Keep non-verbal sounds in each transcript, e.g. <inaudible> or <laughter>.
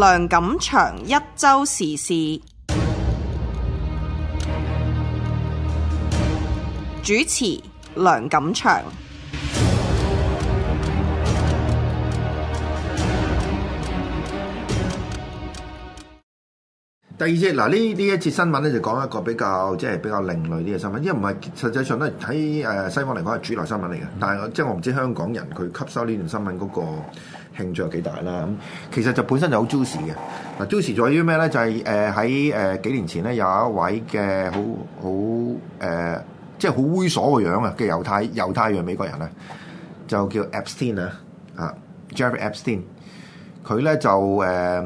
梁錦祥一週時事，主持梁錦祥，第二節。嗱，呢啲一節新聞咧就講一個比較即係、就是、比較另類啲嘅新聞，因為唔係實際上都喺誒西方嚟講係主流新聞嚟嘅，但係我即係我唔知香港人佢吸收呢段新聞嗰、那個。興趣有幾大啦咁，其實就本身就好 juicy 嘅。嗱、啊、juicy 在於咩咧？就係誒喺誒幾年前咧，有一位嘅好好誒，即係好猥瑣嘅樣啊嘅猶太猶太裔美國人咧，就叫 Epstein 啊啊 Jeffrey Epstein。佢咧就誒、呃、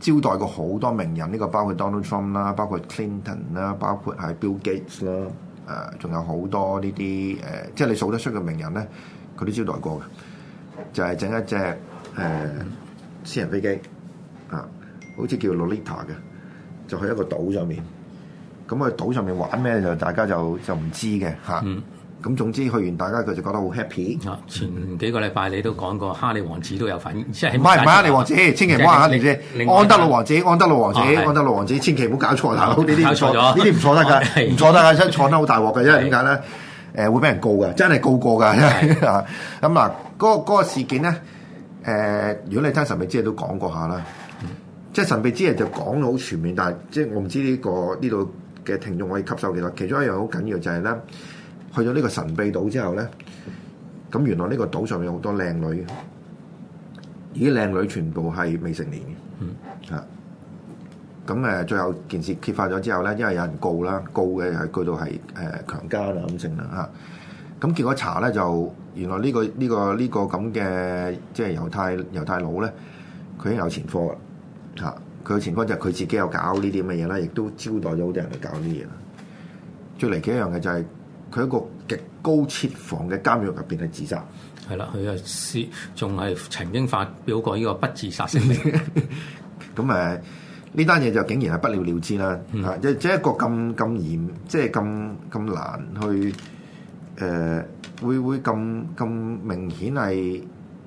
招待過好多名人，呢個包括 Donald Trump 啦，包括 Clinton 啦，包括係 Bill Gates 啦、啊，誒仲有好多呢啲誒，即係你數得出嘅名人咧，佢都招待過嘅。就係、是、整一隻。誒私人飛機啊，好似叫 Lolita 嘅，就去一個島上面。咁去島上面玩咩就大家就就唔知嘅嚇。咁總之去完，大家佢就覺得好 happy。前幾個禮拜你都講過，哈利王子都有份，唔即係唔係哈利王子，千祈唔好話哈利王安德魯王子，安德魯王子，安德魯王子，千祈唔好搞錯啊！呢啲唔錯，呢啲唔錯得㗎，唔錯得㗎，真係闖得好大鑊㗎，因為點解咧？誒會俾人告㗎，真係告過㗎。咁嗱，嗰個事件咧。誒、呃，如果你聽神秘之夜都講過下啦，嗯、即係神秘之夜就講到好全面，但係即係我唔知呢、這個呢度嘅聽眾可以吸收幾多。其中一樣好緊要就係、是、咧，去咗呢個神秘島之後咧，咁原來呢個島上面好多靚女，而啲靚女全部係未成年嘅，咁誒、嗯，最後件事揭發咗之後咧，因為有人告啦，告嘅係嗰度係誒強姦啦咁樣啦嚇。咁結果查咧就原來呢、呢個呢、呢個呢、呢個咁嘅即係猶太猶太佬咧，佢已經有前科啦。嚇，佢嘅前科就係佢自己有搞呢啲咁嘅嘢啦，亦都招待咗好多人去搞呢啲嘢啦。最離奇一樣嘅就係佢一個極高設防嘅監獄入邊去自殺。係啦，佢啊仲係曾經發表過呢個不自殺聲明。咁誒， <laughs> <laughs> 呢單嘢就竟然係不了了之啦。嚇、嗯，即係即係一個咁咁嚴，即係咁咁難去。誒會會咁咁明顯係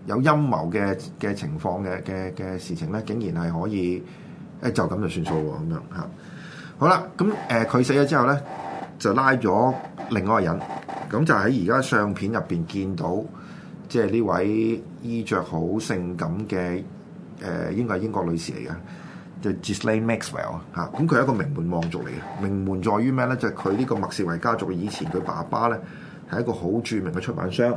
有陰謀嘅嘅情況嘅嘅嘅事情咧，竟然係可以誒就咁就算數喎咁樣嚇。好啦，咁誒佢死咗之後咧，就拉咗另外一個人，咁就喺而家相片入邊見到，即係呢位衣着好性感嘅誒、呃，應該係英國女士嚟嘅，就 Ghislaine Maxwell 嚇、啊。咁佢係一個名門望族嚟嘅，名門在於咩咧？就係佢呢個麥士維家族以前佢爸爸咧。係一個好著名嘅出版商，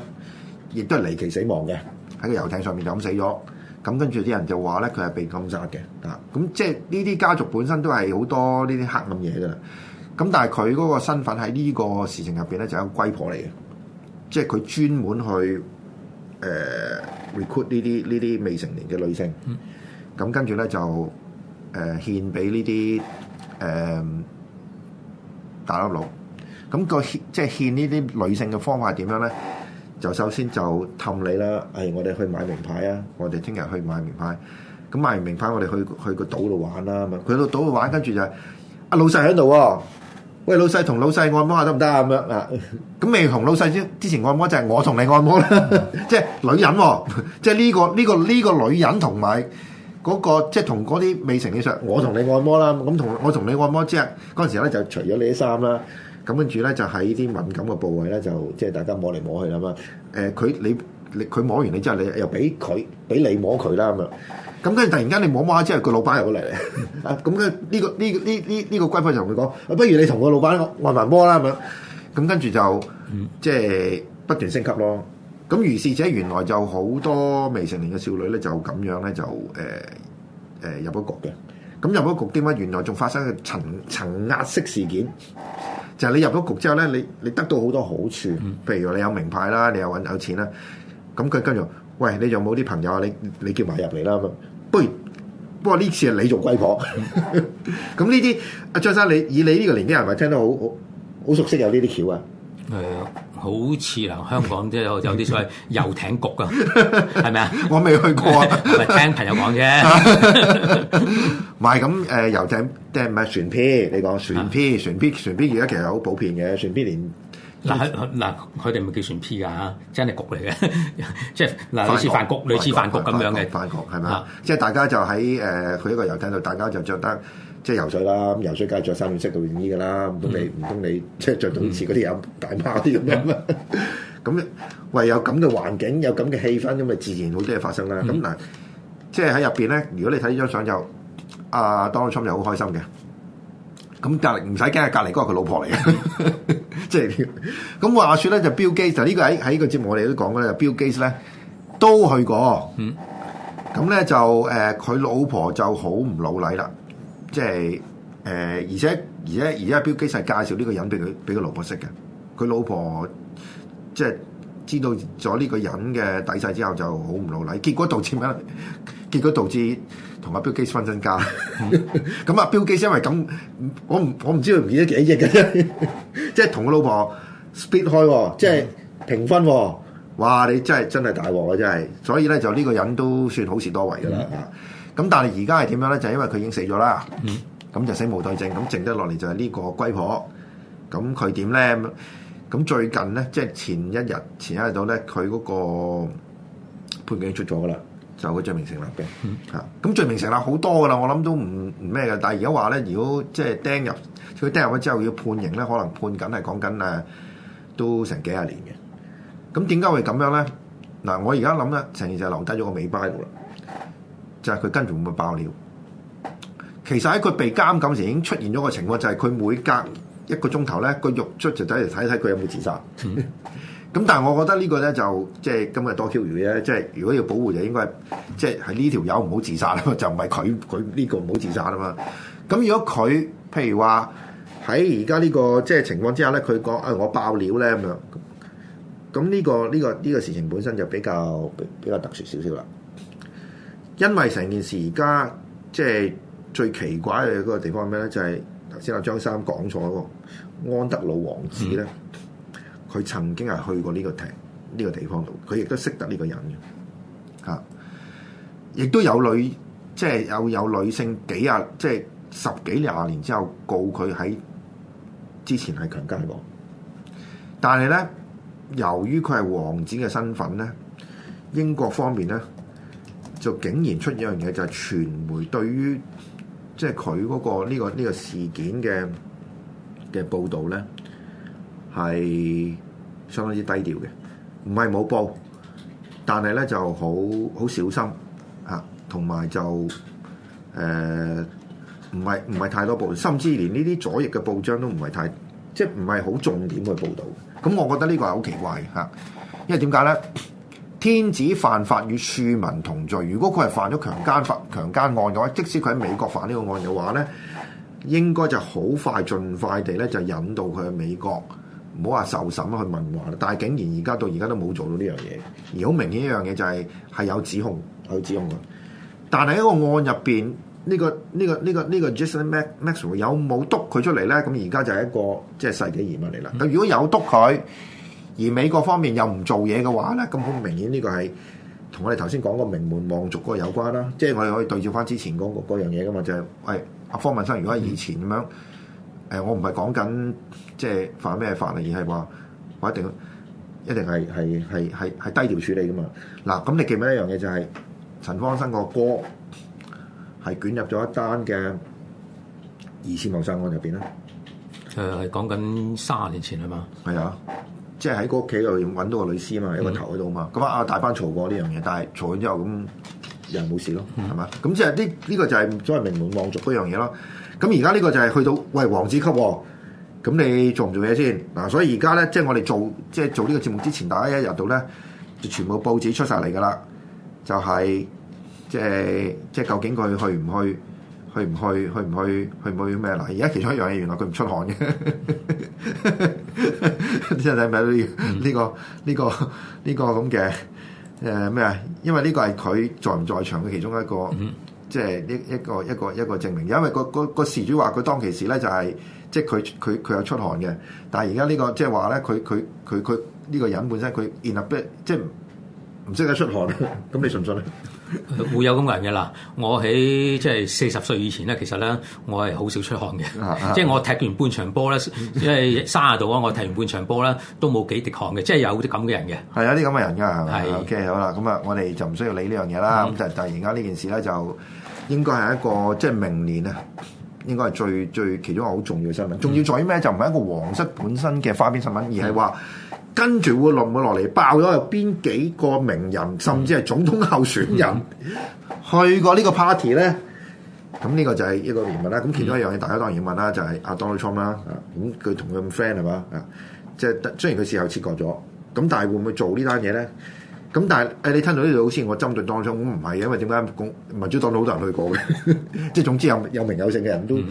亦都係離奇死亡嘅，喺個遊艇上面就咁死咗。咁跟住啲人就話咧，佢係被禁殺嘅。啊，咁即係呢啲家族本身都係好多呢啲黑暗嘢噶。咁但係佢嗰個身份喺呢個事情入邊咧，就係一個龜婆嚟嘅，即係佢專門去誒、呃、recruit 呢啲呢啲未成年嘅女性。咁、嗯、跟住咧就誒獻俾呢啲誒大粒佬。呃咁個欠即係欠呢啲女性嘅方法係點樣咧？就首先就氹你啦。誒、哎，我哋去買名牌啊！我哋聽日去買名牌。咁買完名牌我，我哋去去個島度玩啦。咁啊，去到島度玩，跟住就阿、是、老細喺度。喂，老細同老細按摩下得唔得啊？咁樣啊？咁 <laughs> 未同老細先之前按摩就係我同你按摩啦。即 <laughs> 係女人、哦，即係呢個呢、這個呢、這個女人同埋嗰個，即係同嗰啲未成年上，我同你按摩啦。咁同我同你按摩之後，嗰、就、陣、是、時候咧就除咗你啲衫啦。咁跟住咧，就喺啲敏感嘅部位咧，就即係大家摸嚟摸去啦嘛。誒、呃，佢你你佢摸完你之後，你又俾佢俾你摸佢啦咁樣。咁跟住突然間你摸摸之後，老闆來來呵呵這個老闆入咗嚟。咁、這個這個這個這個、跟呢個呢呢呢呢個規訓就同佢講，不如你同個老闆按埋摩啦咁樣。咁跟住就即係、嗯、不斷升級咯。咁於是者原來就好多未成年嘅少女咧，就咁樣咧就誒誒入咗局嘅。咁入咗局點解？原來仲發生嘅層層壓式事件。就係你入咗局之後咧，你你得到好多好處，譬如你有名牌啦，你又揾有錢啦，咁佢跟住話，喂，你仲有冇啲朋友啊？你你叫埋入嚟啦咁，不如，不過呢次係你做龜婆，咁呢啲，阿張生，你以你呢個年紀人，係聽得好好好熟悉有呢啲橋啊？誒、呃、好似啊，香港即係有啲所謂遊艇局啊，係咪啊？ <laughs> 我未去過啊， <laughs> 聽朋友講啫。唔係咁誒，遊艇即係唔係船 P？你講船 P、船 P、船 P 而家其實好普遍嘅。船 P 連嗱嗱佢哋咪叫船 P 啊，真係局嚟嘅，即係嗱類似飯局、類似飯局咁樣嘅飯局係咪啊？即係 <laughs> <laughs> 大家就喺誒佢一個遊艇度，大家就着得。即係游，游水啦，咁游水梗係着三點式嘅泳衣噶啦，唔通、嗯、你唔通你即係着到好似嗰啲有大媽啲咁啊？咁咧、嗯、 <laughs> 唯有咁嘅環境，有咁嘅氣氛，咁咪自然好多嘢發生啦。咁嗱、嗯，即係喺入邊咧，如果你睇呢張相就阿 Donald Trump 又好開心嘅，咁隔離唔使驚，隔離嗰個佢老婆嚟嘅， <laughs> 即係咁、嗯、話説咧就 Bill Gates，就呢、是、個喺喺個節目我哋都講咧，Bill Gates 咧都去過，咁咧就誒佢、呃、老婆就好唔老禮啦。即係誒、呃，而且而且而家標基係介紹呢個人俾佢俾個老婆識嘅，佢老婆即係、就是、知道咗呢個人嘅底細之後，就好唔老賴，結果導致咩？結果導致同阿標基分身家。咁阿標基因為咁，我唔我唔知佢唔記得幾億嘅，即係同個老婆 split 開、哦，嗯、即係平分、哦。哇！你真係真係大鑊啊！真係，所以咧就呢個人都算好事多圍㗎啦咁但係而家係點樣咧？就是、因為佢已經死咗啦，咁、嗯、就死無對證。咁剩得落嚟就係呢個龜婆。咁佢點咧？咁最近咧，即、就、係、是、前一日，前一日到咧，佢嗰個判決出咗噶啦，就佢罪名成立嘅。嚇、嗯，咁罪名成立好多噶啦，我諗都唔唔咩嘅。但係而家話咧，如果即係釘入佢釘入咗之後要判刑咧，可能判緊係講緊誒都成幾廿年嘅。咁點解會咁樣咧？嗱，我而家諗咧，成件事留低咗個尾巴喺度啦。就係佢跟住會唔會爆料。其實喺佢被監禁時已經出現咗個情況，就係、是、佢每隔一個鐘頭咧，個獄卒就走嚟睇睇佢有冇自殺。咁 <laughs> 但係我覺得個呢個咧就即係今日多 Q 餘啫。即係如果要保護就應該即係喺呢條友唔好自殺啊嘛，就唔係佢佢呢個唔好自殺啊嘛。咁如果佢譬如話喺而家呢個即係情況之下咧，佢講誒我爆料咧咁樣，咁呢、這個呢、這個呢、這個事情本身就比較比較特殊少少啦。因為成件事而家即係最奇怪嘅嗰個地方係咩咧？就係、是、頭先阿張生講咗個，安德魯王子咧，佢、嗯、曾經係去過呢個艇呢、這個地方度，佢亦都識得呢個人嘅嚇，亦、啊、都有女即係、就是、有有女性幾啊即係十幾廿年之後告佢喺之前係強奸過，但係咧由於佢係王子嘅身份咧，英國方面咧。就竟然出現一樣嘢，就係傳媒對於即係佢嗰個呢個呢個事件嘅嘅報導咧，係相當之低調嘅，唔係冇報，但係咧就好好小心啊，同埋就誒唔係唔係太多報，甚至連呢啲左翼嘅報章都唔係太即係唔係好重點去報導。咁我覺得呢個係好奇怪嘅，因為點解咧？天子犯法與庶民同罪。如果佢係犯咗強姦法，強姦案嘅話，即使佢喺美國犯呢個案嘅話咧，應該就好快盡快地咧就引導佢去美國，唔好話受審去問話。但係竟然而家到而家都冇做到呢樣嘢，而好明顯一樣嘢就係、是、係有指控，有指控嘅。但係喺個案入邊，呢個呢個呢個呢個 Jason Maxwell 有冇督佢出嚟咧？咁而家就係一個即係、就是、世紀疑問嚟啦。咁如果有督佢？而美國方面又唔做嘢嘅話咧，咁好明顯呢個係同我哋頭先講個名門望族嗰個有關啦。即係我哋可以對照翻之前講過嗰樣嘢噶嘛，就係、是、喂阿方文生，如果係以前咁樣，誒、嗯呃、我唔係講緊即係犯咩法例，而係話我一定一定係係係係係低調處理噶嘛。嗱，咁你記唔記得一樣嘢就係、是、陳方生個哥係捲入咗一單嘅疑似謀殺案入邊咧？誒係講緊卅年前係嘛？係啊。即係喺個屋企度揾到個女屍啊嘛，嗯、一個頭喺度啊嘛，咁啊大班嘈過呢樣嘢，但係嘈完之後咁又冇事咯，係嘛、嗯？咁即係呢呢個就係所謂名門望族嗰樣嘢咯。咁而家呢個就係去到喂王子級喎、哦，咁你做唔做嘢先嗱？所以而家咧，即係我哋做即係做呢個節目之前，大家一日到咧，就全部報紙出晒嚟㗎啦，就係、是、即係即係究竟佢去唔去？去唔去？去唔去？去唔去咩？嗱，而家其中一樣嘢，原來佢唔出汗嘅、 <laughs> 呢個，啲人睇咩都要呢個呢、呢個呢、呢個咁嘅誒咩啊？因為呢個係佢在唔在場嘅其中一個，即係一一個一個一個證明。因為、個個、個個事主話佢當其時咧就係即係佢佢佢有出汗嘅，但係而家呢個即係話咧佢佢佢佢呢個人本身佢 inability，即係唔識得出汗，咁 <laughs> 你信唔信啊？嗯會有咁嘅人嘅啦！我喺即係四十歲以前咧，其實咧我係好少出汗嘅，啊、即係我踢完半場波咧，即係卅度啊，我踢完半場波咧都冇幾滴汗嘅，即係有啲咁嘅人嘅。係有啲咁嘅人㗎，係。是 OK 好啦，咁啊，我哋就唔需要理呢樣嘢啦。咁就就而家呢件事咧，是就，事就應該係一個即係、就是、明年啊，應該係最最其中一個好重要嘅新聞。重是要在於咩？就唔係一個皇室本身嘅花邊新聞，而係話。跟住會落唔會落嚟爆咗？有邊幾個名人，甚至係總統候選人、嗯、去過個派對呢個 party 咧？咁呢個就係一個疑問啦。咁其中一樣嘢，大家當然要問、就是啊、啦，就係阿 Donald Trump 啦。咁佢同佢咁 friend 係嘛？啊、嗯，即係雖然佢事後切割咗，咁但係會唔會做呢單嘢咧？咁但係誒、哎，你聽到呢度先，我針對 Donald Trump，n 唔係嘅，因為點解？咁民主黨好多人去過嘅， <laughs> 即係總之有有名有姓嘅人都。嗯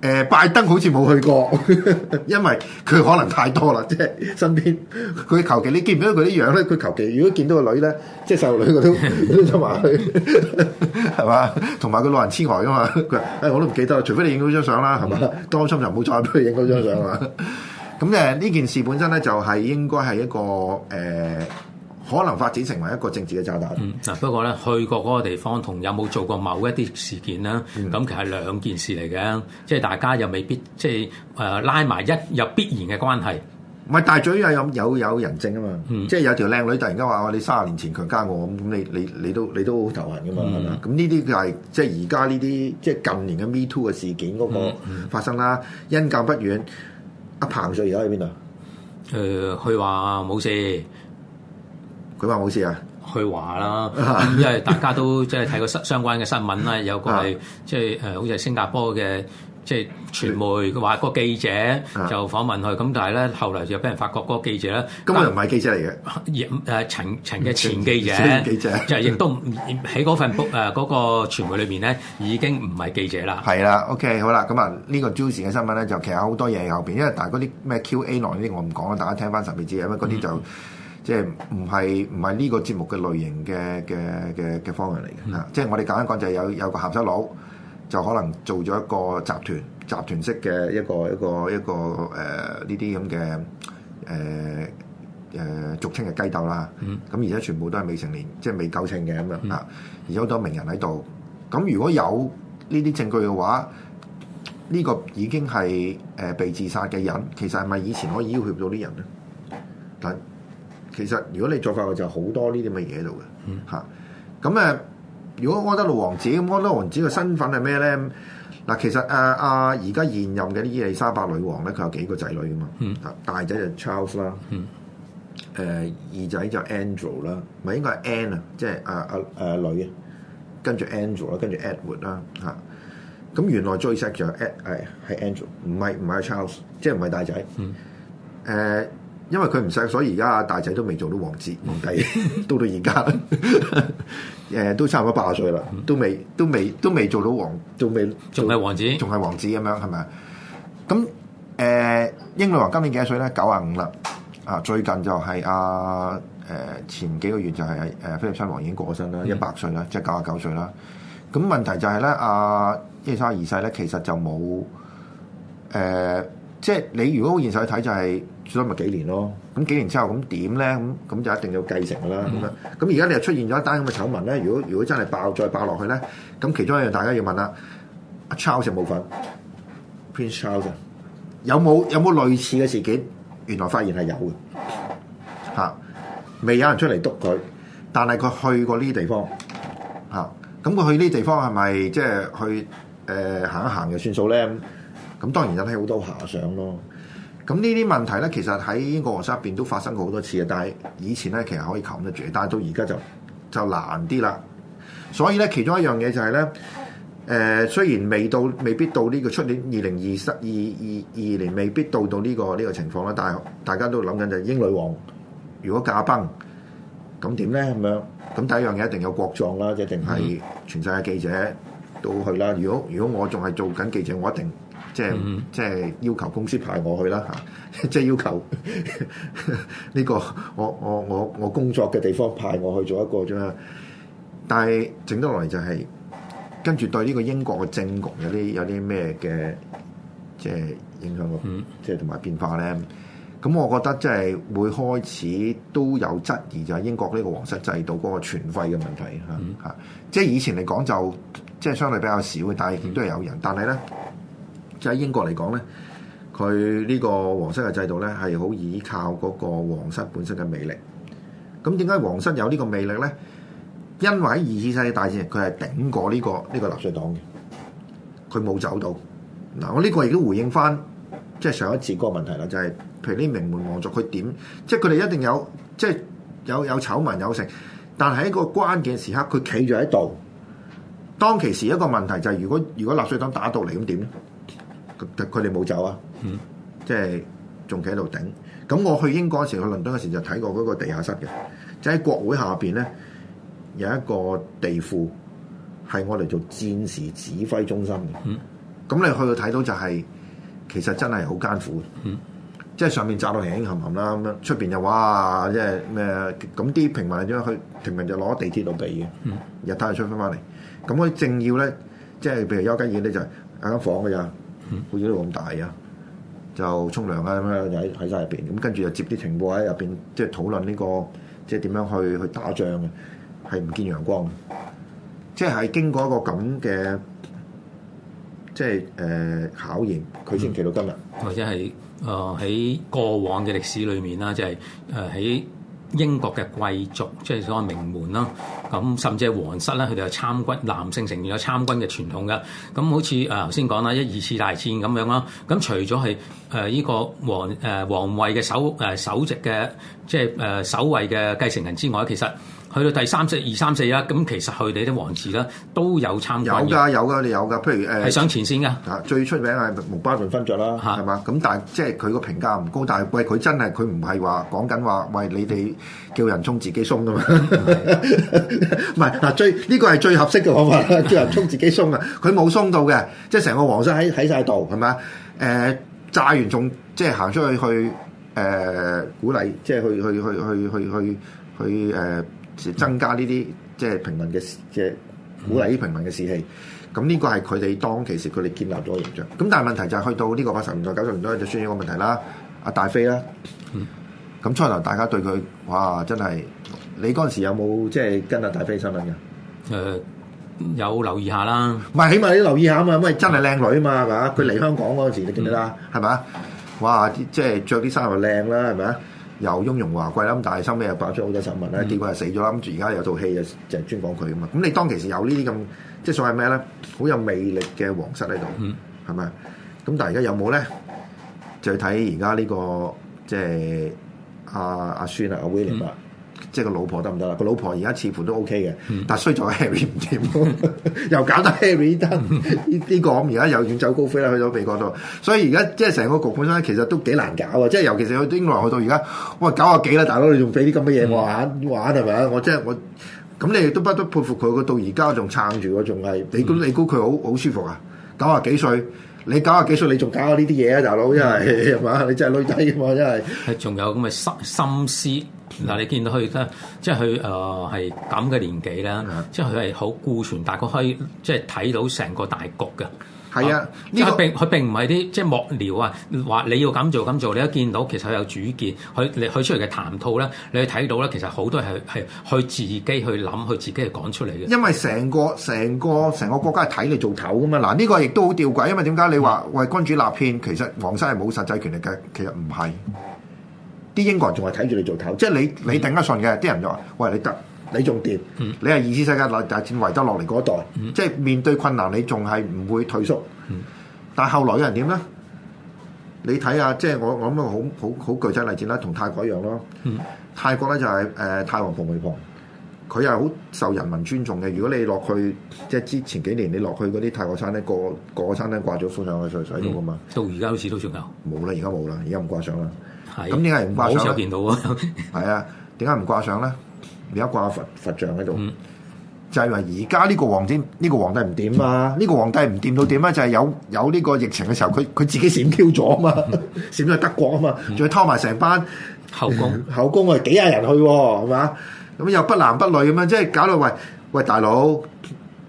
誒拜登好似冇去過， <laughs> 因為佢可能太多啦，即係身邊佢求其你記唔記得佢啲樣咧？佢求其如果見到個女咧，即係細路女，佢 <laughs> 都都出埋去係 <laughs> 嘛？同埋佢老人痴呆㗎嘛？佢話、哎、我都唔記得，除非你影到張相啦，係嘛？嗯、當心就唔好再俾佢影到張相啊嘛！咁誒呢件事本身咧就係應該係一個誒。呃可能發展成為一個政治嘅炸彈。嗱、嗯，不過咧去過嗰個地方，同有冇做過某一啲事件咧，咁、嗯、其實係兩件事嚟嘅，即係大家又未必，即係誒、呃、拉埋一有必然嘅關係。唔係大嘴又有有有人證啊嘛，嗯、即係有條靚女突然間話我你三十年前強姦我，咁你你你，你都你都好頭痕噶嘛，係咪？咁呢啲就係即係而家呢啲即係近年嘅 Me Too 嘅事件嗰個發生啦，殷鑑不遠。阿彭瑞而家喺邊度？誒、啊，佢話冇事。佢話冇事啊，去華啦，因為大家都即係睇過相相關嘅新聞啦，有個係、啊、即係誒，好似係新加坡嘅即係傳媒佢話個記者就訪問佢，咁但係咧後嚟就俾人發覺嗰個記者咧根本唔係記者嚟嘅，誒陳陳嘅前記者，前記者就亦都唔喺嗰份 b o o 嗰個傳媒裏面咧已經唔係記者啦。係啦，OK 好啦，咁啊呢個 Jews 嘅新聞咧就其實好多嘢後邊，因為但係嗰啲咩 Q&A 內啲我唔講啦，大家聽翻十二字，因為啲就。 <laughs> 即係唔係唔係呢個節目嘅類型嘅嘅嘅嘅方向嚟嘅，嗯、即係我哋簡單講就係有有個鹹濕佬，就可能做咗一個集團集團式嘅一個一個一個誒呢啲咁嘅誒誒俗稱嘅雞竇啦。咁、嗯、而家全部都係未成年，即係未夠秤嘅咁樣啊。嗯、而好多名人喺度，咁如果有呢啲證據嘅話，呢、呢個已經係誒被自殺嘅人，其實係咪以前可以要挾到啲人咧？但。其實如果你作法就係好多呢啲咁嘅嘢喺度嘅，嚇咁誒。如果安德魯王子咁，安德魯王子嘅身份係咩咧？嗱，其實誒阿而家現任嘅呢伊利沙伯女王咧，佢有幾個仔女噶嘛？嗯、啊，大仔就 Charles 啦、啊，誒二仔就 Andrew 啦，唔係、啊、應該係 Anne 啊，即係阿阿誒女，跟住 Andrew 啦，跟住 Edward 啦，嚇。咁原來最細就係係 Andrew 唔係唔係 Charles，即係唔係大仔。嗯、啊，啊因為佢唔細，所以而家阿大仔都未做到王子皇帝。到到而家，誒， <laughs> <laughs> 都差唔多八十歲啦，都未，都未，都未做到王，仲未，仲係王子，仲係王子咁樣，係咪？咁誒、呃，英女王今年幾多歲咧？九啊五啦。啊，最近就係阿誒前幾個月就係、是、誒、啊、菲臘親王已經過身啦，一百歲啦，嗯、即係九啊九歲啦。咁問題就係、是、咧，阿伊麗莎二世咧，其實就冇誒、啊，即係你如果好現實去睇就係、是。最多咪幾年咯，咁幾年之後咁點咧？咁咁就一定要繼承噶啦。咁樣咁而家你又出現咗一單咁嘅醜聞咧。如果如果真係爆再爆落去咧，咁其中一樣大家要問啦 Charles 有冇份？Prince Charles 有冇有冇類似嘅事件？原來發現係有嘅嚇、啊，未有人出嚟篤佢，但係佢去過呢啲地方嚇。咁、啊、佢去呢啲地方係咪即係去誒、呃、行一行就算數咧？咁當然引起好多遐想咯。咁呢啲問題咧，其實喺英國王室入邊都發生過好多次嘅，但係以前咧其實可以冚得住，但係到而家就就難啲啦。所以咧，其中一樣嘢就係、是、咧，誒、呃、雖然未到，未必到呢、這個出年二零二二、二零二二年，未必到到、這、呢個呢、這個情況啦。但係大家都諗緊就係英女王如果駕崩，咁點咧？咁樣咁第一樣嘢一定有國葬啦，一定係全世界記者都去啦。如果如果我仲係做緊記者，我一定。即係即係要求公司派我去啦嚇， <laughs> 即係要求呢、 <laughs> 呢個我我我我工作嘅地方派我去做一個啫。但係整得落嚟就係跟住對呢個英國嘅政局有啲有啲咩嘅即係影響咯，即係同埋變化咧。咁、嗯、我覺得即係會開始都有質疑就係英國呢個皇室制度嗰個存廢嘅問題嚇嚇、嗯。即係以前嚟講就即係相對比較少嘅，但係亦都係有人。但係咧。即喺英國嚟講咧，佢呢個皇室嘅制度咧，係好倚靠嗰個皇室本身嘅魅力。咁點解皇室有呢個魅力咧？因為喺二次世界大戰，佢係頂過呢、這個呢、這個納粹黨嘅，佢冇走到嗱、啊。我呢個亦都回應返，即係上一次嗰個問題啦，就係、是、譬如啲名門望族佢點，即係佢哋一定有即係有有醜聞有成，但係喺個關鍵時刻佢企咗喺度。當其時一個問題就係、是，如果如果納粹黨打到嚟咁點咧？佢哋冇走啊，即係仲企喺度頂。咁我去英國嗰時候，去倫敦嗰時候就睇過嗰個地下室嘅，就喺國會下邊咧有一個地庫係我哋做戰時指揮中心嘅。咁、嗯、你去到睇到就係、是、其實真係好艱苦嘅，嗯、即係上面炸到影影冚冚啦，咁樣出邊又哇，即係咩咁啲平民點樣去？平民就攞地鐵度避嘅，嗯、日太就出翻翻嚟。咁佢政要咧，即係譬如丘吉爾咧，就係有間房嘅咋。 <noise> 好似都冇咁大啊！就沖涼啊咁樣，就喺喺曬入邊。咁跟住就接啲情報喺入邊，即係討論呢、這個即係點樣去去打仗嘅，係唔見陽光。即係係經過一個咁嘅即係誒、呃、考驗，佢先企到今日、嗯。或者係誒喺過往嘅歷史裏面啦，即係誒喺英國嘅貴族，即係所謂名門啦。咁甚至係皇室咧，佢哋有參軍，男性成員有參軍嘅傳統嘅。咁好似誒頭先講啦，一二次大戰咁樣啦。咁除咗係誒呢個皇誒皇位嘅首誒首席嘅，即係誒首位嘅繼承人之外，其實。去到第三隻二三四啊！咁其實佢哋啲王子呢都有參與，有㗎有㗎，你有㗎。譬如誒，係上前線㗎，最出名係蒙巴頓分爵啦，係嘛？咁但係即係佢個評價唔高，但係為佢真係佢唔係話講緊話，喂，你哋叫人衝自己鬆㗎嘛？唔係嗱，最呢個係最合適嘅方法，叫人衝自己鬆啊！佢冇鬆到嘅，即係成個皇室喺喺曬度係嘛？誒，炸完仲即係行出去去誒鼓勵，即係去去去去去去去誒。增加呢啲即係平民嘅即係鼓勵啲平民嘅士氣，咁呢、嗯、個係佢哋當其時佢哋建立咗形象。咁但係問題就係去到呢個八十年代、九十年代就出現一個問題啦，阿大飛啦。咁、嗯、初頭大家對佢哇真係，你嗰陣時有冇即係跟阿大飛新聞㗎？誒、呃，有留意下啦。唔係，起碼你留意下啊嘛，因為真係靚女啊嘛，係嘛、嗯？佢嚟香港嗰陣時你見到啦，係咪、嗯？哇！即係着啲衫又靚啦，係咪？又雍容華貴啦，咁但係收尾又爆出好多醜聞啦，嗯、結果又死咗啦，諗住而家有套戲就專講佢噶嘛。咁你當其時有呢啲咁，即係所謂咩咧，好有魅力嘅皇室喺度，係咪、嗯？咁但係而家有冇咧？就睇而家呢個即係阿阿孫啊，阿、啊啊、威廉啦。嗯即係個老婆得唔得啦？個老婆而家似乎都 OK 嘅，嗯、但衰衰在 Harry 唔掂， <laughs> 又搞得到 Harry 得呢、嗯這個咁，而家又遠走高飛啦，去咗美國度。所以而家即係成個局本身其實都幾難搞啊！即係尤其是去英國去到而家，哇九啊幾啦，大佬，你仲俾啲咁嘅嘢我玩、嗯、玩係咪啊？我即係我咁你亦都不得佩服佢，佢到而家仲撐住，我仲係你估你估佢好好舒服啊？九啊幾歲？你九啊幾歲？你仲搞呢啲嘢啊？大佬真係係嘛？你真係女仔喎！真係仲有咁嘅心心思。 <laughs> 嗱，嗯、你見到佢咧，即係佢誒係咁嘅年紀啦，嗯、即係佢係好顧全，大概可以即係睇到成個大局嘅。係啊，佢、啊、呢個並佢並唔係啲即係幕僚啊，話你要咁做咁做。你一見到其實佢有主見，佢佢出嚟嘅談吐咧，你睇到咧其實好多係係佢自己去諗，佢自己係講出嚟嘅、啊這個。因為成個成個成個國家係睇你做頭噶嘛。嗱，呢個亦都好吊詭，因為點解你話為君主立憲，其實皇室係冇實際權力嘅，其實唔係。啲英國人仲係睇住你做頭，即係你你頂得順嘅，啲、嗯、人就話，喂，你得你仲掂，你係、嗯、二次世界大戰維多落嚟嗰一代，嗯、即係面對困難你仲係唔會退縮。嗯、但係後來啲人點咧？你睇下，即係我我諗個好好好具體例子啦，同泰國一樣咯、嗯就是呃。泰國咧就係誒泰王蓬佩蓬，佢又好受人民尊重嘅。如果你落去，即係之前幾年你落去嗰啲泰國餐廳咧，個個餐廳掛咗幅相喺水洗浴㗎嘛。到而家好似都仲有，冇啦，而家冇啦，而家唔掛上啦。咁點解唔掛上咧？我有電腦啊，係啊，點解唔掛上咧？而家掛佛佛像喺度，就係話而家呢個皇天，呢個皇帝唔掂啊！呢個皇帝唔掂到點咧？就係有有呢個疫情嘅時候，佢佢自己閃 Q 咗啊嘛，閃咗喺德國啊嘛，仲要拖埋成班後宮後宮啊，幾廿人去係嘛？咁又不男不女咁樣，即係搞到喂喂，大佬，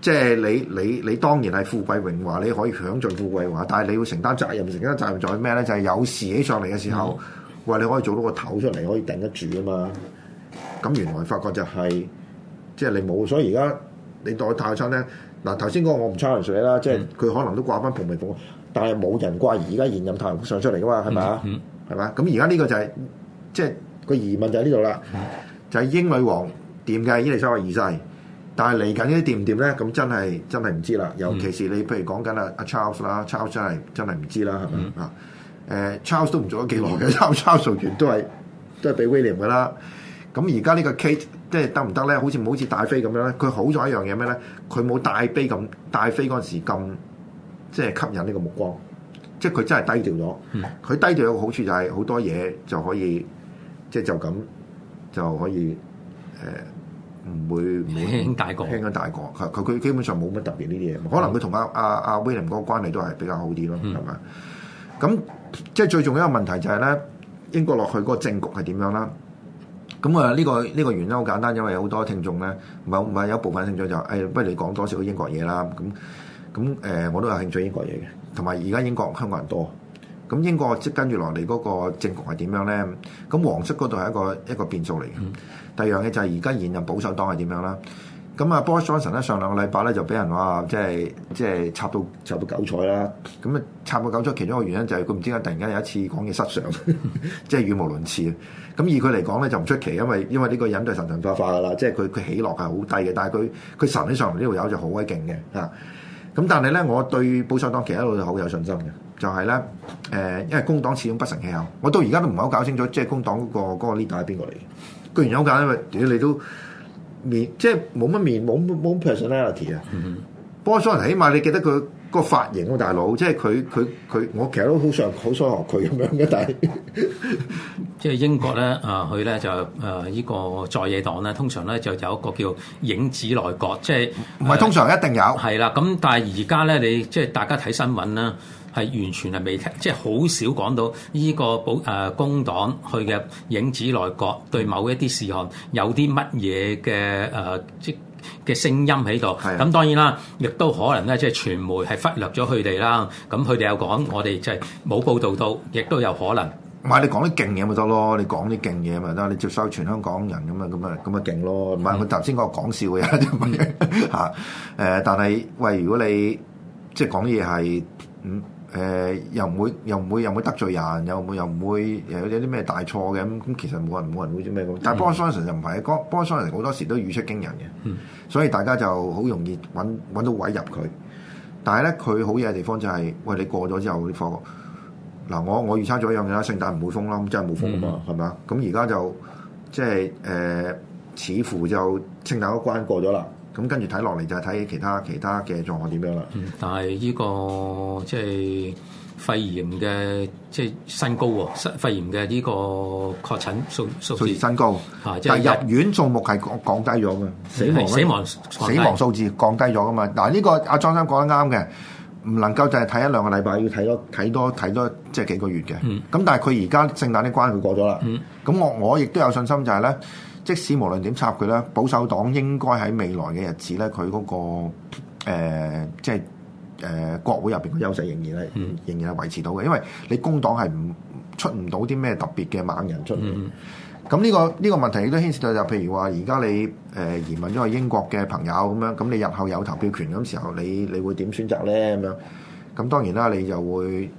即係你你你當然係富貴榮華，你可以享盡富貴華，但係你要承擔責任，承擔責任在咩咧？就係有事起上嚟嘅時候。喂，你可以做到個頭出嚟，可以頂得住啊嘛！咁原來發覺就係、是，即係你冇，所以而家你代泰參咧嗱，頭先嗰個我唔參人水啦，即係佢可能都掛翻平民股，但係冇人掛而家現，現任泰陽上出嚟噶嘛，係咪啊？係咪、嗯？咁而家呢個就係、是、即係個疑問就喺呢度啦，嗯、就係英女王掂㗎，伊利沙伯二世，但係嚟緊呢啲掂唔掂咧？咁真係真係唔知啦。尤其是你譬如講緊阿阿 Charles 啦，Charles 真係、嗯、真係唔知啦，係咪啊？嗯嗯嗯。誒、uh, Charles 都唔做咗幾耐嘅，Charles 做完都係都係俾 William 噶啦。咁而家呢個 Kate 即係得唔得咧？好似唔好似戴妃咁樣咧。佢好咗一樣嘢咩咧？佢冇戴妃咁戴妃嗰陣時咁即係吸引呢個目光，即係佢真係低調咗。佢低調有個好處就係好多嘢就可以即係就咁就可以誒，唔、呃、會冇 <laughs> 過輕輕帶過，輕輕帶過。佢佢佢基本上冇乜特別呢啲嘢。可能佢同阿阿阿 William 嗰個關係都係比較好啲咯，係嘛？ <laughs> 咁即係最重要一個問題就係咧，英國落去嗰個政局係點樣啦？咁啊呢個呢個原因好簡單，因為有好多聽眾咧，唔係唔係有部分聽眾就誒、哎，不如你講多少英國嘢啦。咁咁誒，我都有興趣英國嘢嘅，同埋而家英國香港人多，咁英國即跟住落嚟嗰個政局係點樣咧？咁黃色嗰度係一個一個變數嚟嘅。第二樣嘢就係而家現任保守黨係點樣啦？咁啊，Boris Johnson 咧上兩個禮拜咧就俾人話，即係即係插到插到九彩啦！咁啊插到九彩，其中一個原因就係佢唔知點解突然間有一次講嘢失常， <laughs> 即係語無倫次。咁以佢嚟講咧就唔出奇，因為因為呢個人對神神化化噶啦，即係佢佢起落係好低嘅，但係佢佢神起上嚟呢條友就好鬼勁嘅嚇！咁但係咧，我對保守黨其他一路就好有信心嘅，就係咧誒，因為工黨始終不成器啊！我到而家都唔係好搞清楚，即係工黨嗰個嗰個 leader 係邊個嚟嘅？居然有間因為你都～面即係冇乜面，冇冇 personality 啊、mm！Hmm. 波士頓起碼你記得佢個髮型喎，大佬，即係佢佢佢，我其實都好想好想學佢咁樣嘅，但係即係英國咧，啊佢咧就誒依、呃呢個在野黨咧，通常咧就有一個叫影子內閣，即係唔係通常一定有係啦。咁但係而家咧，你即係大家睇新聞啦。係完全係未聽，即係好少講到呢個保誒工黨佢嘅影子內閣對某一啲事項有啲乜嘢嘅誒即嘅聲音喺度。咁是的 當然啦，亦都可能咧，即係傳媒係忽略咗佢哋啦。咁佢哋有講，我哋就係冇報導到，亦都有可能。唔係你講啲勁嘢咪得咯？你講啲勁嘢咪得？你接收全香港人咁啊咁啊咁啊勁咯！唔係我頭先個講笑嘅嚇誒， <laughs> 但係喂，如果你即係講嘢係嗯。誒、呃、又唔會又唔會又唔會得罪人，又唔又唔會有啲咩大錯嘅咁。咁其實冇人冇人會知咩嘅。嗯、但係波桑神就唔係，波波桑神好多時都語出驚人嘅，嗯、所以大家就好容易揾揾到位入佢。但係咧，佢好嘢嘅地方就係、是，喂，你過咗之後啲貨，嗱，我我預測咗一樣嘢啦，聖誕唔會封啦，咁真係冇封㗎嘛，係咪啊？咁而家就即係誒，似乎就聖誕嗰關過咗啦。咁跟住睇落嚟就係睇其他其他嘅狀況點樣啦、嗯。但係呢、呢個即係、即係、肺炎嘅即係新高喎，哦、肺炎嘅呢個確診數數字,數字新高。嗯、但係入院數目係降低咗嘅死，死亡死亡死亡數字降低咗噶嘛。嗱，呢個阿莊生講得啱嘅，唔能夠就係睇一兩個禮拜，要睇多睇多睇多,多即係幾個月嘅。咁、嗯、但係佢而家聖誕啲關佢過咗啦。咁我我亦都有信心就係咧。即使無論點插佢咧，保守黨應該喺未來嘅日子咧，佢嗰個、呃、即係誒、呃、國會入邊嘅優勢仍然係、嗯、仍然係維持到嘅，因為你工黨係唔出唔到啲咩特別嘅猛人出嚟。咁呢個、嗯、呢個問題亦都牽涉到就譬如話，而家你誒移民咗去英國嘅朋友咁樣，咁你日後有投票權咁時候，你你會點選擇咧？咁樣咁當然啦，你就會。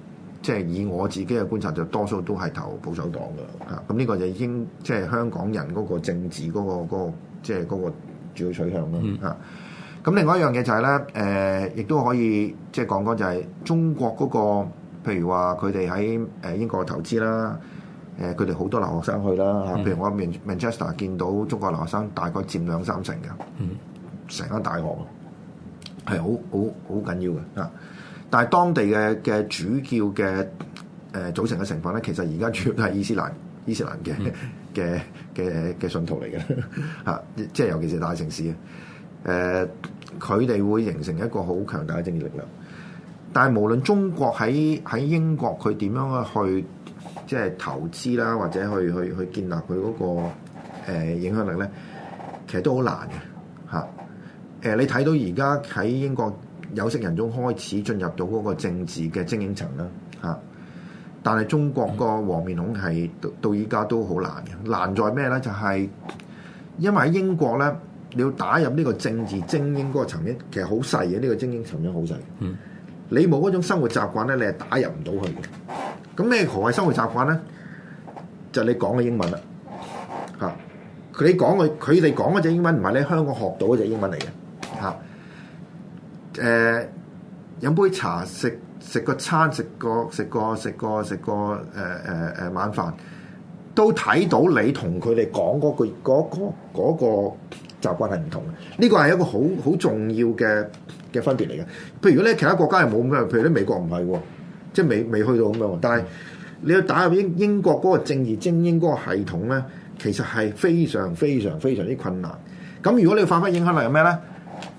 即係以我自己嘅觀察，就多數都係投保守黨嘅嚇。咁呢個就已經即係香港人嗰個政治嗰個即係嗰個主要取向囉嚇。咁、嗯嗯、另外一樣嘢就係、是、咧，誒、呃、亦都可以即係講講就係中國嗰、那個，譬如話佢哋喺誒英國投資啦，誒佢哋好多留學生去啦嚇。譬如我喺曼曼徹斯特見到中國留學生，大概佔兩三成嘅，成、嗯、間大學係好好好緊要嘅啊！嗯但係當地嘅、嘅主要嘅誒組成嘅成分咧，其實而家主要係伊斯蘭、伊斯蘭嘅、嘅、嘅、嘅信徒嚟嘅嚇，即 <laughs> 係尤其是大城市誒，佢、呃、哋會形成一個好強大嘅政治力量。但係無論中國喺、喺英國佢點樣去即係、就是、投資啦，或者去、去、去建立佢嗰個誒影響力咧，其實都好難嘅嚇。誒、呃，你睇到而家喺英國。有色人種開始進入到嗰個政治嘅精英層啦，嚇、啊！但係中國個黃面孔係到到依家都好難嘅，難在咩咧？就係、是、因為喺英國咧，你要打入呢個政治精英嗰個層面，其實好細嘅。呢、這個精英層面好細，嗯，你冇嗰種生活習慣咧，你係打入唔到去嘅。咁咩何謂生活習慣咧？就係、是、你講嘅英文啦，嚇、啊！你講嘅佢哋講嗰隻英文，唔係你喺香港學到嗰隻英文嚟嘅。誒飲、呃、杯茶，食食個餐，食個食個食個食個誒誒誒晚飯，都睇到你同佢哋講嗰句嗰個嗰、嗰個嗰個習慣係唔同嘅。呢個係一個好好重要嘅嘅分別嚟嘅。譬如咧，其他國家係冇咁樣，譬如咧美國唔係喎，即係未未去到咁樣。但係你要打入英英國嗰個正義精英嗰個系統咧，其實係非常非常非常之困難。咁如果你要發揮影響力呢，係咩咧？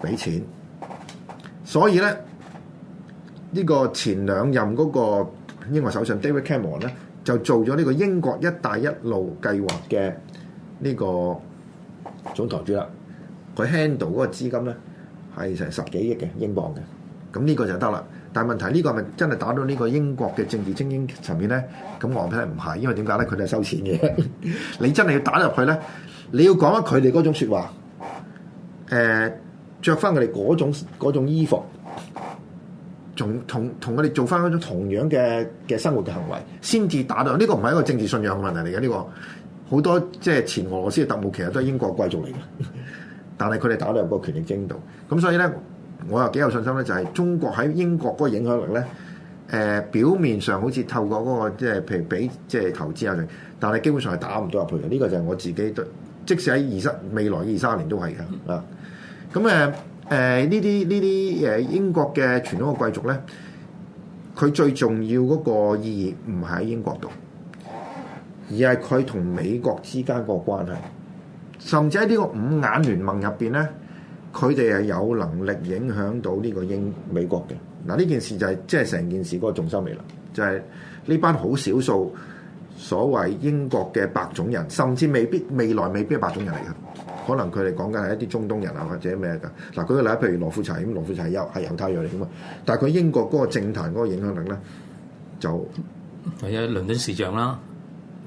俾錢。所以咧，呢、這個前兩任嗰個英國首相 David Cameron 咧，就做咗呢個英國一帶一路計劃嘅呢個總台主啦。佢 <music> handle 嗰個資金咧係成十幾億嘅英鎊嘅。咁、嗯、呢、這個就得啦。但係問題呢、這個係咪真係打到呢個英國嘅政治精英層面咧？咁、嗯、我覺得唔係，因為點解咧？佢哋係收錢嘅。 <laughs> 你真係要打入去咧，你要講翻佢哋嗰種説話，呃着翻佢哋嗰種衣服，仲同同佢哋做翻嗰種同樣嘅嘅生活嘅行為，先至打量。呢、這個唔係一個政治信仰嘅問題嚟嘅。呢、這個好多即係前俄羅斯嘅特務其實都係英國貴族嚟嘅，但係佢哋打量個權力精度。咁所以咧，我又幾有信心咧，就係、是、中國喺英國嗰個影響力咧，誒、呃、表面上好似透過嗰、那個即係譬如俾即係投資啊，但係基本上係打唔到入去嘅。呢、這個就係我自己都，即使喺二十未來二三十年都係㗎啊。嗯咁，誒誒呢啲呢啲誒英國嘅傳統嘅貴族咧，佢最重要嗰個意義唔係喺英國度，而係佢同美國之間個關係。甚至喺呢個五眼聯盟入邊咧，佢哋係有能力影響到呢個英美國嘅。嗱，呢件事就係即係成件事嗰個重心未來就係呢班好少數所謂英國嘅白種人，甚至未必未來未必係白種人嚟嘅。可能佢哋講緊係一啲中東人啊，或者咩噶？嗱，舉個例，譬如羅富齊咁，羅富齊又係猶太裔嚟嘅嘛。但係佢英國嗰個政壇嗰個影響力咧，就係啊，倫敦、嗯、市長啦，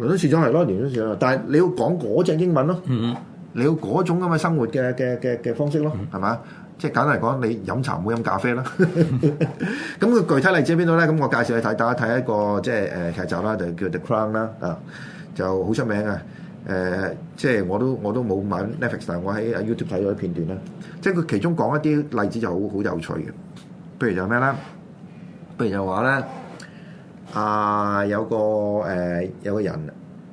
倫敦市長係咯，倫敦市長。但係你要講嗰隻英文咯，嗯、你要嗰種咁嘅生活嘅嘅嘅嘅方式咯，係嘛？即係簡單嚟講，你飲茶唔會飲咖啡啦。咁個、嗯、 <laughs> 具體例子喺邊度咧？咁我介紹你睇，大家睇一個即係誒劇集啦，就、呃、叫 The Crown 啦，啊，就好出名啊。誒、呃、即係我都我都冇買 Netflix，但係我喺 YouTube 睇咗啲片段啦。即係佢其中講一啲例子就好好有趣嘅、啊呃呃，譬如就咩啦，譬如就話咧，啊有個誒有個人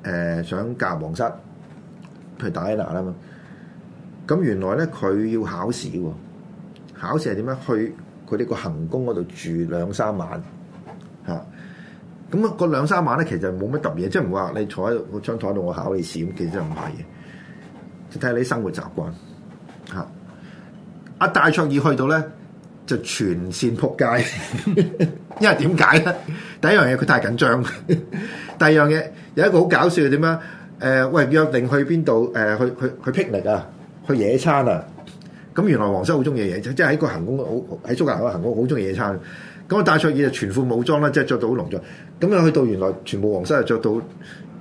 誒想嫁王室，譬如 Diana 啦嘛。咁原來咧佢要考試喎，考試係點樣？去佢呢個行宮嗰度住兩三晚。咁啊，個兩三晚咧，其實冇乜特別嘢，即係唔話你坐喺個窗台度，我考你試咁，其實真係唔係嘅。睇下你生活習慣嚇。阿、啊、戴卓爾去到咧，就全線撲街， <laughs> 因為點解咧？第一樣嘢佢太緊張， <laughs> 第二樣嘢有一個好搞笑點啊？誒、呃，喂，約定去邊度？誒、呃，去去去 picnic 啊，去野餐啊！咁原來黃生好中意嘅嘢，即係喺個行宮好喺蘇格蘭嗰行宮好中意野餐。咁我戴卓爾就全副武裝啦，即係着到好隆重。咁又去到原來全部黃衫就着到，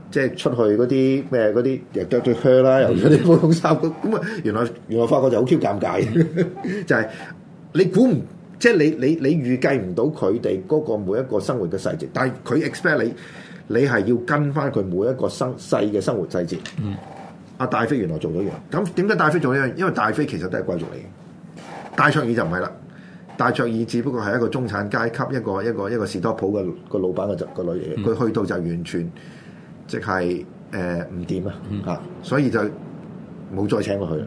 即係出去嗰啲咩嗰啲着著靴啦，又有啲普通衫。咁咁啊，原來原來發覺就好 Q 尷尬 <laughs> 就，就係、是、你估唔即係你你你預計唔到佢哋嗰個每一個生活嘅細節，但係佢 expect 你你係要跟翻佢每一個生細嘅生活細節。阿、嗯啊、大飛原來做咗一樣，咁點解大飛做呢樣？因為大飛其實都係貴族嚟嘅，戴卓爾就唔係啦。戴卓爾只不過係一個中產階級，一個一個一個士多鋪嘅個老闆嘅侄個女，佢、嗯、去到就完全即係誒唔掂啊！啊，所以就冇再請過佢，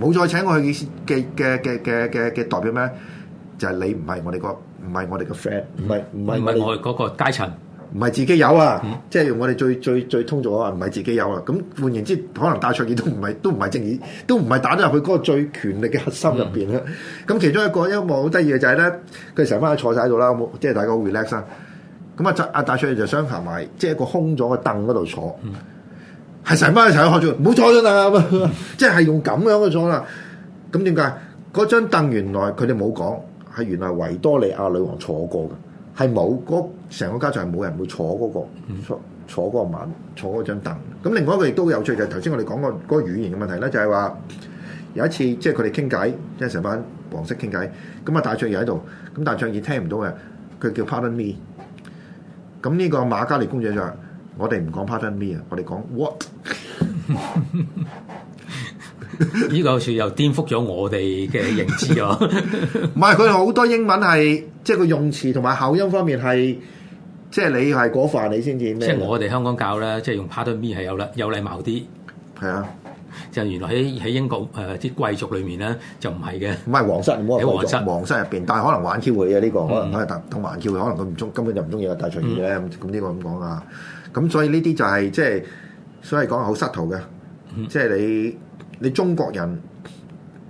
冇、嗯、再請過佢嘅嘅嘅嘅嘅嘅代表咩？就係、是、你唔係我哋、嗰個唔係我哋個 friend，唔係唔係我哋嗰個階層。唔係自己有啊，嗯、即係用我哋最最最，最通俗啊！唔係自己有啊。咁換言之，可能戴卓爾都唔係都唔係正義，都唔係打到入去嗰個最權力嘅核心入邊啦。咁、嗯嗯嗯、其中一個一幕好得意嘅就係咧，佢成班都坐晒喺度啦，即係大家好 relax。咁、嗯、啊，阿戴卓爾就想行埋，即係一個空咗嘅凳嗰度坐，係成班一齊開住，唔好坐咗啦。咁即係用咁樣嘅坐啦。咁點解嗰張凳原來佢哋冇講係原來維多利亞女王坐過嘅？係冇，成個家族係冇人會坐嗰、嗰個坐坐嗰個馬坐嗰張凳。咁另外一個亦都有趣就係，頭先我哋講過嗰個語言嘅問題咧，就係、是、話有一次即係佢哋傾偈，即係成班黃色傾偈，咁啊戴卓爾喺度，咁戴卓爾聽唔到嘅，佢叫 Pardon me。咁呢個馬嘉烈公主就話：我哋唔講 Pardon me 啊，我哋講 What。 <laughs> 呢 <laughs> 個好似又顛覆咗我哋嘅認知啊 <laughs> ！唔係佢好多英文係，即係個用詞同埋口音方面係，即係你係嗰範你先至咩？即係我哋香港教咧，即係用 pardon me 係有啦，有禮貌啲係是啊。就係原來喺喺英國誒啲貴族裏面咧，就唔係嘅。唔係皇室，喺皇室皇室入邊，但係可能玩 Q 嘅呢個，可能、嗯、可能同埋玩 Q，可能佢唔中根本就唔中意大但係隨咁呢個咁講啊，咁所以呢啲就係即係，所以講好失途嘅，即、就、係、是、你。就是你中國人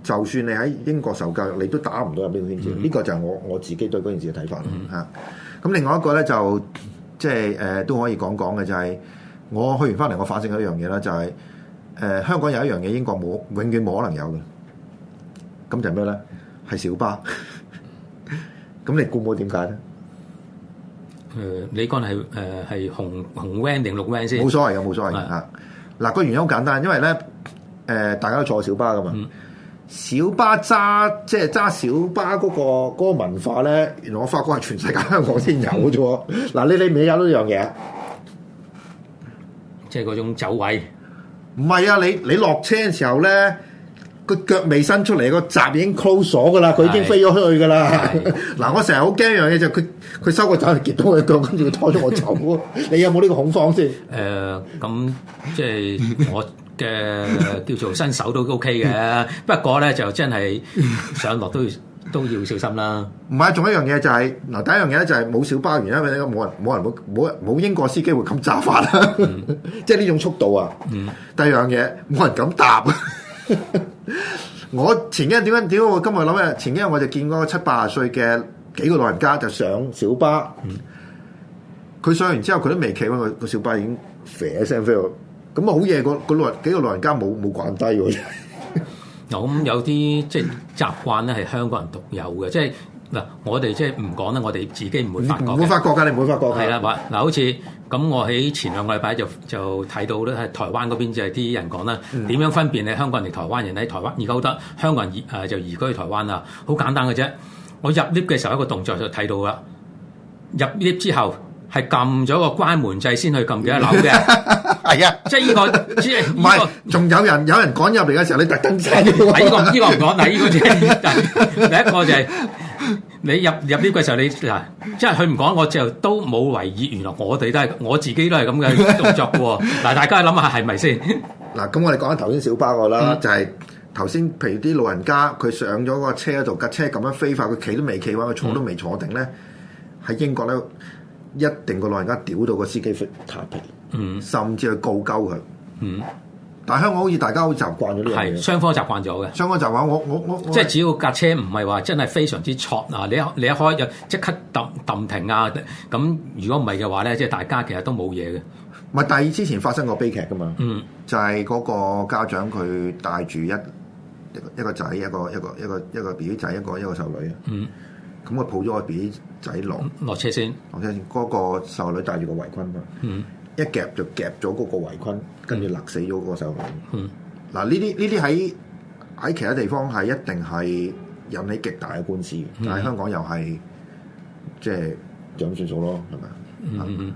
就算你喺英國受教育，你都打唔到入邊個圈子。呢個就係我我自己對嗰件事嘅睇法嚇。咁另外一個咧就即係誒都可以講講嘅，就係我去完翻嚟，我反省咗一樣嘢啦，就係誒香港有一樣嘢，英國冇，永遠冇可能有嘅。咁就係咩咧？係小巴。咁你估唔估點解咧？誒，你講係誒係紅紅 van 定綠 van 先？冇所謂嘅，冇所謂嘅嚇。嗱，個原因好簡單，因為咧。誒，大家都坐小巴噶嘛？小巴揸即係揸小巴嗰個嗰個文化咧，原來我發覺係全世界香港先有嘅啫。嗱，你你未有呢樣嘢，即係嗰種走位。唔係啊，你你落車嘅時候咧，個腳未伸出嚟，個閘已經 close 鎖噶啦，佢已經飛咗去噶啦嗱，我成日好驚一樣嘢就係佢佢收個閘，夾到我腳，跟住拖咗我走。你有冇呢個恐慌先？誒，咁即係我。嘅叫做新手都 OK 嘅， <laughs> 不過咧就真係上落都要都要小心啦。唔係，仲有一樣嘢就係、是，嗱第一樣嘢就係冇小巴原因啊，冇人冇人冇冇冇英國司機會咁炸法啊， <laughs> 即係呢種速度啊。 <laughs> 第二樣嘢冇人敢搭。 <laughs> 我前幾日點解點解我今日諗嘅？前幾日我就見嗰個七八十歲嘅幾個老人家就上小巴，佢 <laughs> 上完之後佢都未企穩，個個小巴已經吠一聲飛咁啊好嘢，個個老幾個老人家冇冇慣低喎！嗱咁有啲即係習慣咧，係香港人獨有嘅，即係嗱，我哋即係唔講啦，我哋自己唔會發覺嘅，唔會發覺㗎，你唔會發覺嘅。係啦，嗱，好似咁，我喺前兩個禮拜就就睇到咧，台灣嗰邊即係啲人講啦，點樣分辨你香港人嚟台灣人喺台灣，而家好得香港人移誒、呃、就移居台灣啊！好簡單嘅啫，我入 lift 嘅時候一個動作就睇到啦，入 lift 之後係撳咗個關門掣先去撳幾多樓嘅。 <laughs> 係啊， <music> 即係依、這個，唔係仲有人 <music> 有人趕入嚟嘅時候，你突然間睇呢個依個唔講，睇呢個啫。第一個就係、是、你入入呢個時候，你嗱，即係佢唔講，我就都冇懷疑。原來我哋都係我自己都係咁嘅動作嘅喎。嗱， <laughs> 大家諗、 <laughs> 啊、下係咪先？嗱，咁我哋講緊頭先小巴個啦，嗯、就係頭先譬如啲老人家佢上咗個車喺度，架車咁樣飛法，佢企都未企穩，佢坐都未坐定咧，喺、嗯啊、英國咧一定個老人家屌到個司機脱皮。嗯，甚至去告鳩佢，嗯，但係香港好似大家好習慣咗，呢係雙方習慣咗嘅，雙方習慣我我我，即係只要架車唔係話真係非常之挫啊！你一你一開又即刻抌抌停啊！咁如果唔係嘅話咧，即係大家其實都冇嘢嘅。唔係第二之前發生過悲劇噶嘛，嗯，就係嗰個家長佢帶住一一個一個仔，一個一個一個一個 B 仔，一個一個少女啊，嗯，咁佢抱咗個 B 仔落落車先，落車先，嗰個少女帶住個圍巾啊，嗯。一夾就夾咗嗰個圍困，跟住勒死咗嗰個細路女。嗱、嗯，呢啲呢啲喺喺其他地方係一定係引起極大嘅官司，嗯、但係香港又係即係就咁算數咯，係咪？嗯嗯嗯。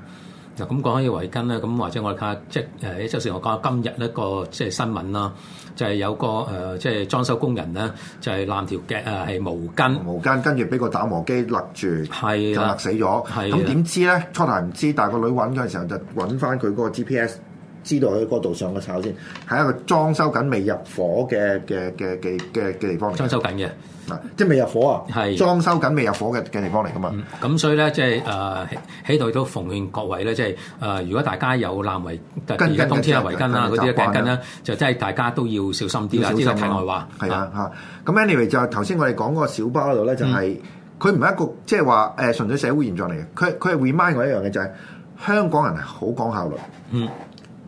咁講起圍巾咧，咁或者我哋睇下，即係誒，即係我講今日一個即係新聞啦，就係、是、有個誒、呃，即係裝修工人咧，就係、是、攬條腳啊，係毛巾，毛巾，跟住俾個打磨機勒住，係的就勒死咗。咁點的知咧？初頭唔知，但係個女揾嘅時候就揾翻佢個 GPS。知道佢嗰度上個炒先，係一個裝修緊、未入伙嘅嘅嘅嘅嘅嘅地方嚟。裝修緊嘅，啊，即係未入伙啊，係裝修緊、未入伙嘅嘅地方嚟㗎嘛。咁所以咧，即係誒，喺度都奉勸各位咧，即係誒，如果大家有攬圍，而家冬天有圍巾啊，嗰啲夾巾啦，就即係大家都要小心啲啦。呢個題外話，係啊嚇。咁 anyway 就頭先我哋講嗰個小巴度咧，就係佢唔係一個即係話誒純粹社會現狀嚟嘅，佢佢係 remind 我一樣嘅就係香港人係好講效率。嗯。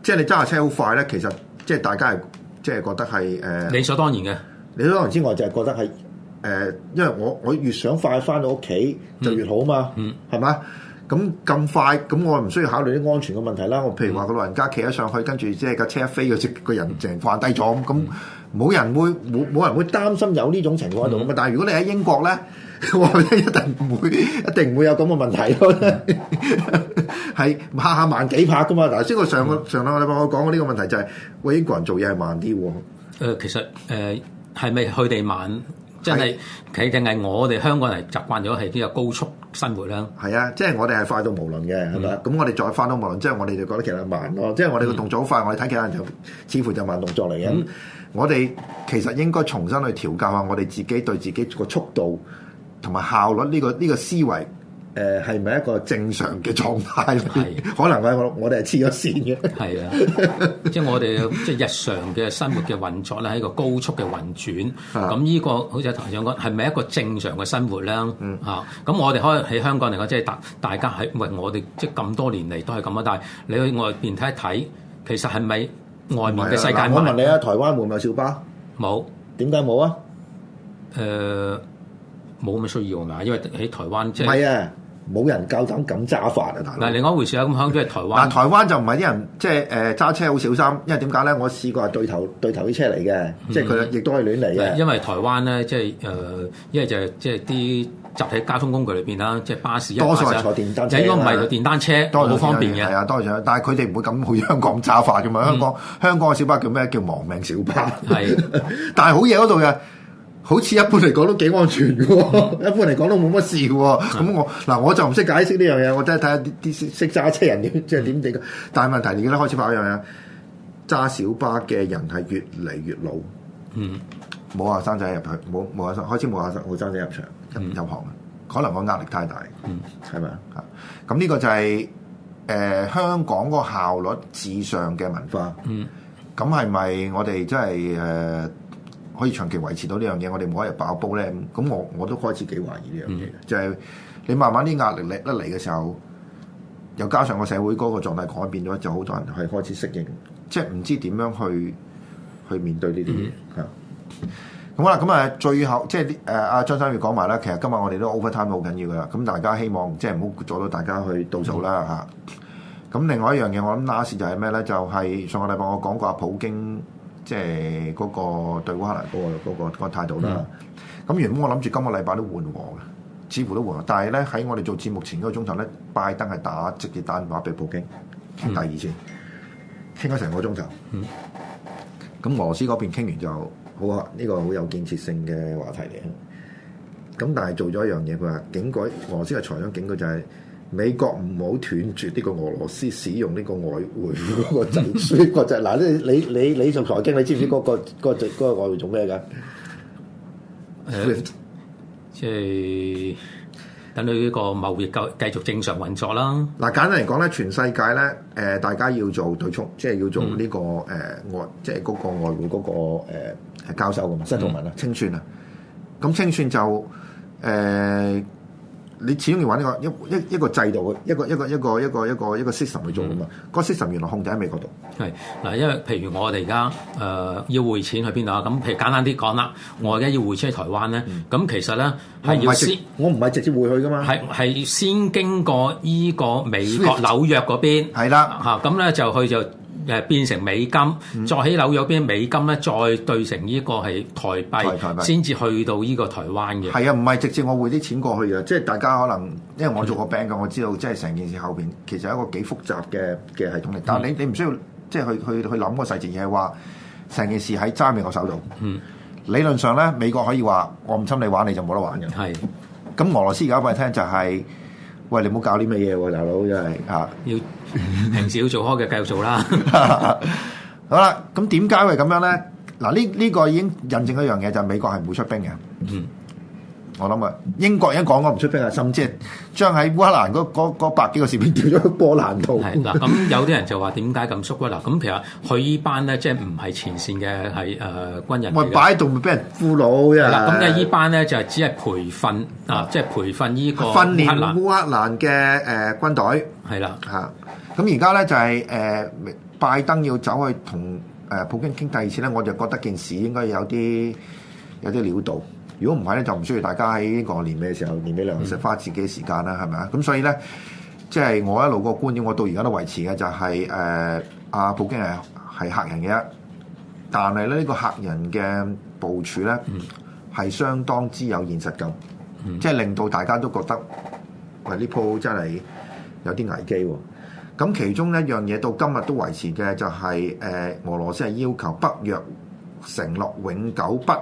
即係你揸下車好快咧，其實即係大家係即係覺得係誒，呃、理所當然嘅。理所當然之外，就係、是、覺得係誒、呃，因為我我越想快返到屋企就越好嘛，係嘛、嗯？嗯咁咁快，咁我唔需要考慮啲安全嘅問題啦。我譬如話個老人家企咗上去，跟住即係架車一飛，咗，即個人成掛低咗咁，冇人會冇冇人會擔心有呢種情況喺度咁啊！但係如果你喺英國咧，我覺得一定唔會，一定唔會有咁嘅問題咯。係、嗯、 <laughs> 下下慢幾拍噶嘛？嗱，先我上個、嗯、上兩個禮拜我講過呢個問題、就是，就係我英國人做嘢係慢啲。誒、呃，其實誒係咪佢哋慢？真係是，佢定係我哋香港人習慣咗係比較高速。生活啦，係啊，即係我哋係快到無倫嘅，係咪啊？咁我哋再快到無倫，即係我哋就覺得其實慢咯，嗯、即係我哋個動作好快，我哋睇其他人就似乎就慢動作嚟嘅。嗯、我哋其實應該重新去調教下我哋自己對自己個速度同埋效率呢個呢個思維。誒係咪一個正常嘅狀態？係的可能我的 <laughs> 我哋係黐咗線嘅。係啊，即係我哋即係日常嘅生活嘅運作咧，喺個高速嘅運轉。咁呢、啊呢個好似阿陳生講，係咪一個正常嘅生活咧？嚇咁、嗯啊、我哋可能喺香港嚟講，即係大大家喺，喂我哋即係咁多年嚟都係咁啊。但係你去外邊睇一睇，其實係咪外面嘅世界？啊、我問你啊，麼台灣冇唔小巴？冇，點解冇啊？誒冇咁嘅需要啊，因為喺台灣即係唔係啊？冇人夠膽咁揸法啊！嗱，另外一回事啊，咁響即係台灣。但台灣就唔係啲人即係誒揸車好小心，因為點解咧？我試過係對頭對頭啲車嚟嘅，嗯、即係佢亦都係亂嚟嘅。因為台灣咧，即係誒，呃、一係就係即係啲集體交通工具裏邊啦，即係巴士。多數係坐電單車，應該唔係電單車，都係好方便嘅。係啊，多數，但係佢哋唔會咁去香港揸法嘅嘛。香港、嗯、香港嘅小巴叫咩？叫，叫亡命小巴。係 <laughs> 是， <laughs> 但係好嘢嗰度嘅。好似一般嚟講都幾安全㗎喎，一般嚟講都冇乜事㗎喎。咁我，嗱，我就唔識解釋呢樣嘢，我都係睇下啲啲識揸車人點即係點地嘅。但係問題你記得開始發覺樣嘢，揸小巴嘅人係越嚟越老。嗯，冇後生仔入去，冇冇後生，開始冇後生冇後生仔入場入入行嘅，可能個壓力太大。嗯，係咪啊？咁呢個就係誒香港個效率至上嘅文化。嗯，咁係咪我哋真係誒？可以長期維持到呢樣嘢，我哋冇一日爆煲咧。咁我我都開始幾懷疑呢樣嘢，嗯、就係你慢慢啲壓力嚟得嚟嘅時候，又加上個社會嗰個狀態改變咗，就好多人係開始適應，即係唔知點樣去去面對呢啲嘢嚇。咁啦、嗯，咁啊，最後即係誒阿張生月講埋啦。其實今日我哋都 over time 好緊要噶啦。咁大家希望即係唔好阻到大家去倒數啦嚇。咁、嗯、另外一樣嘢，我諗 last 就係咩咧？就係、是、上個禮拜我講過阿普京。即係嗰個對烏克蘭嗰個嗰個態度啦。咁、嗯、原本我諗住今個禮拜都緩和嘅，似乎都緩和，但係咧喺我哋做節目前嗰個鐘頭咧，拜登係打直接打電話俾普京傾第二次，傾咗成個鐘頭。咁、嗯、俄羅斯嗰邊傾完就好啊，呢、呢個好有建設性嘅話題嚟。咁但係做咗一樣嘢，佢話警告俄羅斯嘅財長警告就係、係。美國唔好斷絕呢個俄羅斯使用呢個外匯嗰個進輸國際。嗱，你你你你做財經，你知唔知嗰、那個、 <laughs> 個外匯做咩噶、呃？即係等佢呢個貿易夠繼續正常運作啦。嗱，簡單嚟講咧，全世界咧，誒、呃，大家要做對沖，即係要做呢、這個誒外、嗯呃，即係嗰個外匯嗰、那個誒、呃、交收噶嘛，即係同埋啊，嗯、清算啊。咁清算就誒。呃呃你始終要揾、呢個、一個一一一個制度嘅一個一個一個一個一個一個 system 去做噶嘛？嗯、個 system 原來控制喺美國度。係嗱，因為譬如我哋而家誒要匯錢去邊度啊？咁譬如簡單啲講啦，我而家要匯錢去台灣咧，咁、嗯、其實咧係要先，我唔係直接匯去㗎嘛。係係先經過依個美國紐約嗰邊。係啦嚇，咁咧、啊、就去就。誒變成美金，再起紐約邊美金咧，再兌成呢個係台幣，先至去到呢個台灣嘅。係啊，唔係直接我匯啲錢過去啊，即係大家可能因為我做過 bank 嘅，我知道即係成件事後邊其實一個幾複雜嘅嘅系統嚟。但係你、嗯、你唔需要即係去去去諗嗰個細節，而係話成件事喺揸喺我手度。嗯，理論上咧，美國可以話我唔侵你玩，你就冇得玩嘅。係的。咁俄羅斯而家畀你聽就係、是。喂，你唔好搞啲乜嘢喎，大佬真係嚇，要 <laughs> 平時要做開嘅繼續做啦。 <laughs> <laughs> 好、嗯、啦，咁點解會咁樣咧？嗱，呢、這、呢個已經印證一樣嘢，就係、是、美國係唔會出兵嘅。嗯。我諗啊，英國人講我唔出聲啊，甚至將喺烏克蘭嗰百幾個士兵調咗去波蘭度。係 <laughs> 嗱，咁有啲人就話點解咁縮骨嗱？咁其實佢依班咧，即係唔係前線嘅係誒軍人。我擺喺度咪俾人俘虜啫。嗱，咁咧依班咧就係只係培訓啊，即係培訓呢個，訓練烏克蘭嘅誒軍隊係啦嚇，咁而家咧就係誒拜登要走去同誒普京傾第二次咧，我就覺得件事應該有啲有啲料到。如果唔係咧，就唔需要大家喺呢過年尾嘅時候，嗯、年尾糧食，花自己時間啦，係咪啊？咁所以咧，即、就、係、是、我一路個觀點，我到而家都維持嘅就係、是、誒，阿、呃、普京係係客人嘅，但係咧呢、這個客人嘅部署咧，係、嗯、相當之有現實感，嗯、即係令到大家都覺得喂呢鋪真係有啲危機喎、哦。咁其中一樣嘢到今日都維持嘅就係、是、誒、呃，俄羅斯係要求北約承諾永久不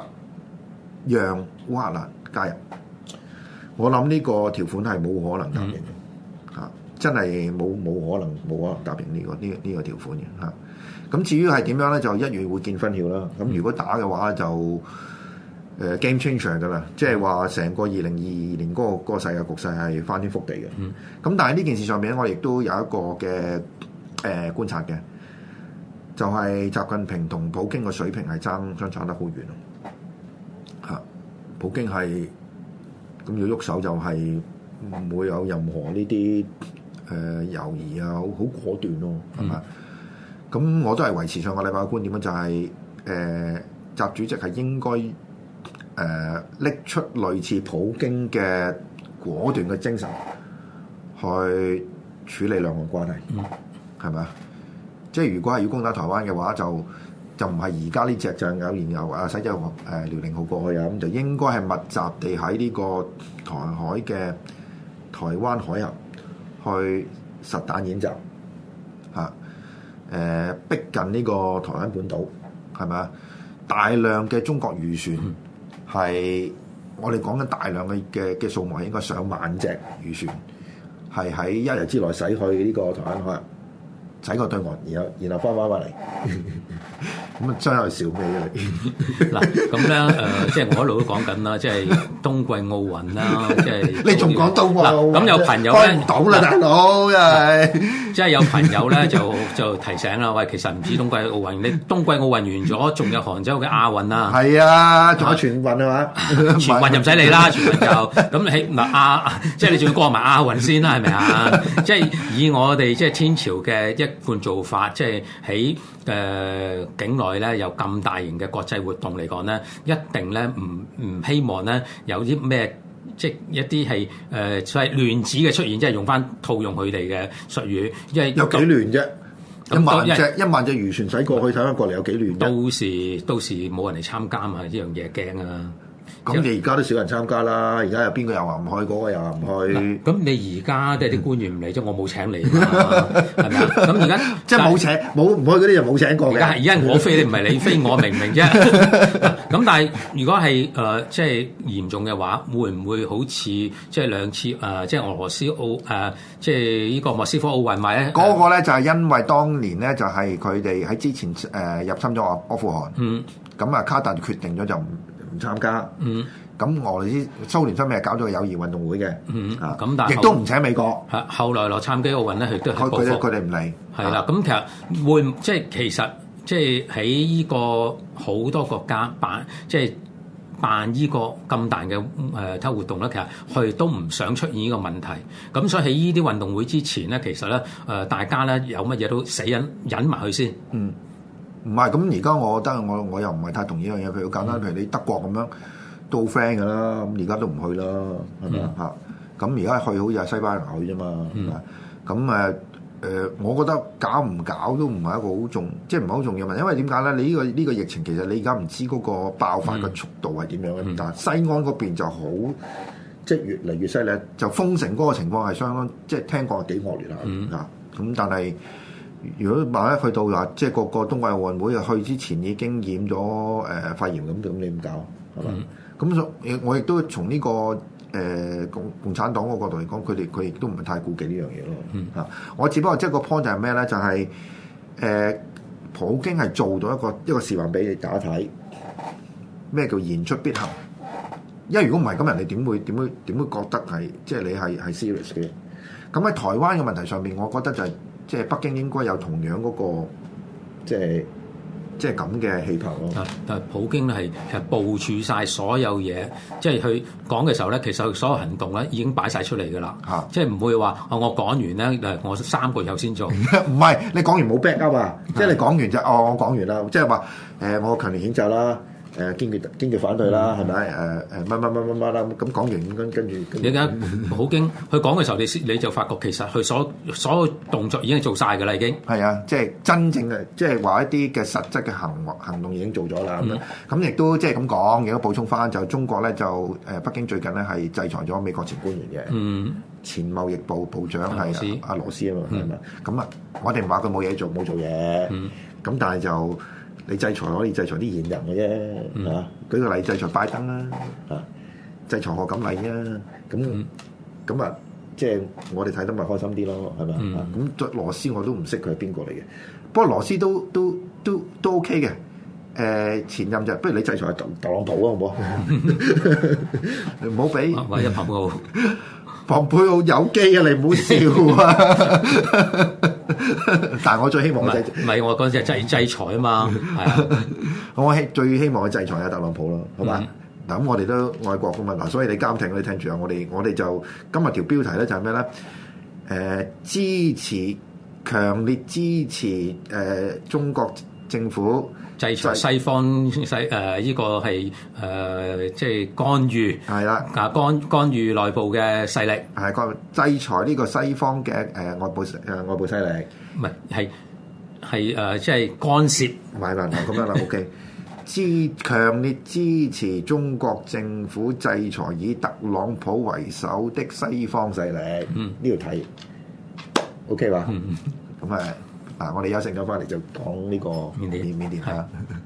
讓烏克蘭加入，我諗呢個條款係冇可能答應嘅，嚇、嗯，真係冇冇可能冇可能答應呢個呢呢、這個條款嘅嚇。咁至於係點樣咧，就一月會見分曉啦。咁如果打嘅話就，就、呃、誒 game changer 噶啦，即係話成個二零二二年嗰、那個那個世界局勢係翻天覆地嘅。咁、嗯、但係呢件事上面，我亦都有一個嘅誒、呃、觀察嘅，就係、是、習近平同普京嘅水平係爭爭相差得好遠咯。普京係咁要喐手就係唔會有任何呢啲誒猶豫啊，好果斷咯、啊，係嘛？咁、嗯、我都係維持上個禮拜嘅觀點啊、就係，就係誒習主席係應該誒拎、呃、出類似普京嘅果斷嘅精神去處理兩岸關係，係咪啊？即係如果係要攻打台灣嘅話，就。就唔係而家呢隻，象有，然後啊西子號、誒遼寧號過去啊，咁就應該係密集地喺呢個台海嘅台灣海峽去實彈演習嚇。誒逼、呃、近呢個台灣本島係咪啊？大量嘅中國漁船係、嗯、我哋講緊大量嘅嘅嘅數目係應該上萬隻漁船，係喺一日之內駛去呢個台灣海峽。睇過對岸，然後然後翻翻翻嚟，咁啊真係笑咩咧？嗱， <laughs> <laughs> <laughs> 咁咧誒，即係我一路都講緊啦，即係冬季奧運啦，即係 <laughs> 你仲講冬運？咁、啊、有朋友聽唔到啦， <laughs> 大佬又係。 <laughs> 即係有朋友咧，就就提醒啦，喂，其實唔止冬季奧運，你冬季奧運完咗，仲有杭州嘅亞運啦。係啊，仲、啊、有全運啊嘛、啊，全運就唔使理啦， <laughs> 全運就咁你唔係亞，即係你仲要過埋亞運先啦，係咪啊？是是啊 <laughs> 即係以我哋即係天朝嘅一貫做法，即係喺誒境內咧，有咁大型嘅國際活動嚟講咧，一定咧唔唔希望咧有啲咩。即係一啲係誒，即、呃、所謂亂子嘅出現，即係用翻套用佢哋嘅術語，因為有幾亂啫，一萬隻一萬隻漁船使過去，睇翻過嚟有幾亂？到時到時冇人嚟參加嘛？呢樣嘢驚啊！咁你而家都少人參加啦，而家又邊、嗰個又話唔去？嗰個又話唔去。咁你而家即係啲官員唔嚟啫，我冇請你係咪？咁而家即係冇請冇唔但去嗰啲就冇請過嘅。而家係因為我飛你，唔係你飛我，明唔明啫？咁 <laughs> 但係如果係誒、呃、即係嚴重嘅話，會唔會好似即係兩次誒、呃、即係俄羅斯奧誒、啊、即係呢個莫斯科奧運咪咧？嗰個咧就係因為當年咧就係佢哋喺之前誒入侵咗阿阿富汗。嗯。咁啊卡特決定咗就唔參加。嗯。咁俄羅斯蘇聯分別搞咗個友誼運動會嘅。嗯。啊，咁但係亦都唔請美國。嚇，後來洛杉磯奧運咧，佢都係佢佢哋唔嚟。係啦，咁、啊、其實會，會即係其實。即係喺呢個好多國家辦，即係辦呢個咁大嘅誒體活動咧，其實佢都唔想出現呢個問題。咁所以喺呢啲運動會之前咧，其實咧誒大家咧有乜嘢都死忍忍埋去先。嗯，唔係。咁而家我覺得我我，我又唔係太同意呢樣嘢。譬如簡單，譬如你德國咁樣都好 friend 噶啦。咁而家都唔去啦，係咪啊？咁而家去好似係西班牙去啫嘛。咁誒、嗯。誒、呃，我覺得搞唔搞都唔係一個好重，即係唔係好重要問題。因為點解咧？你呢、這個呢、這個疫情其實你而家唔知嗰個爆發嘅速度係點樣嘅，嗯、但係西安嗰邊就好，即係越嚟越犀利。就封城嗰個情況係相當，即係聽講係幾惡劣啊！咁、嗯嗯、但係如果萬一去到啦，即係個個冬季奧運會去之前已經染咗誒肺炎咁，咁你點搞？係咪？咁所、嗯、我亦都從呢、這個。誒共、呃、共產黨個角度嚟講，佢哋佢亦都唔係太顧忌呢樣嘢咯。嚇、嗯啊，我只不過即係個 point 就係咩咧？就係、是、誒、呃，普京係做到一個一個示範俾你打睇，咩叫言出必行。因為如果唔係咁，人哋點會點會點會、會覺得係即係你係係 serious 嘅？咁喺台灣嘅問題上面，我覺得就係、是、即係北京應該有同樣嗰、那個即係。即係咁嘅氣魄咯。啊，普京咧係其實部署晒所有嘢，即係佢講嘅時候咧，其實佢所有行動咧已經擺晒出嚟㗎啦。嚇、啊，即係唔會話啊，我講完咧，我三個月後先做。唔係， <laughs> 你講完冇 back up 啊？即係你講完就哦，我講完啦。即係話誒，我勤力譴責啦。誒堅決堅決反對啦，係咪？誒誒乜乜乜乜乜啦？咁講完，跟跟住。你而家好驚，佢講嘅時候，你先你就發覺其實佢所所有動作已經做晒㗎啦，已經。係啊，即係真正嘅，即係話一啲嘅實質嘅行行動已經做咗啦。咁樣咁亦都即係咁講，亦都補充翻就中國咧，就誒北京最近咧係制裁咗美國前官員嘅，前貿易部部長係阿羅斯啊嘛。係咪？咁啊，我哋唔話佢冇嘢做，冇做嘢。咁但係就。你制裁可以制裁啲現任嘅啫，嚇、嗯、舉個例，制裁拜登啦，嚇制裁何錦麗啊，咁咁啊，即係、就是、我哋睇得咪開心啲咯，係咪？咁着、嗯、羅斯我都唔識佢係邊個嚟嘅，不過羅斯都都都都 OK 嘅，誒、呃、前任就是、不如你制裁特朗普啊，好唔好？唔 <laughs> <laughs> 好俾為一服蓬佩奧有機啊！你唔好笑啊！ <laughs> <laughs> 但係我最希望就係唔係我講嘅就係制制裁啊嘛，係我希最希望嘅制裁啊，特朗普咯，好嘛？嗱咁、mm hmm. 我哋都愛國噶嘛，嗱，所以你監聽你啲聽住啊，我哋我哋就今日條標題咧就係咩咧？誒、呃、支持，強烈支持誒、呃、中國政府。制裁西方西誒呢個係誒、呃、即係干預係啦，的啊干干預內部嘅勢力係干制裁呢個西方嘅誒、呃、外部誒、呃、外部勢力，唔係係係誒即係干涉，埋埋頭咁樣啦。O K，支強烈支持中國政府制裁以特朗普為首的西方勢力。嗯，呢度睇 O K 吧。嗯嗯，咁誒。嗱、啊，我哋休息咗翻嚟就講呢、這個緬甸緬甸吓。點點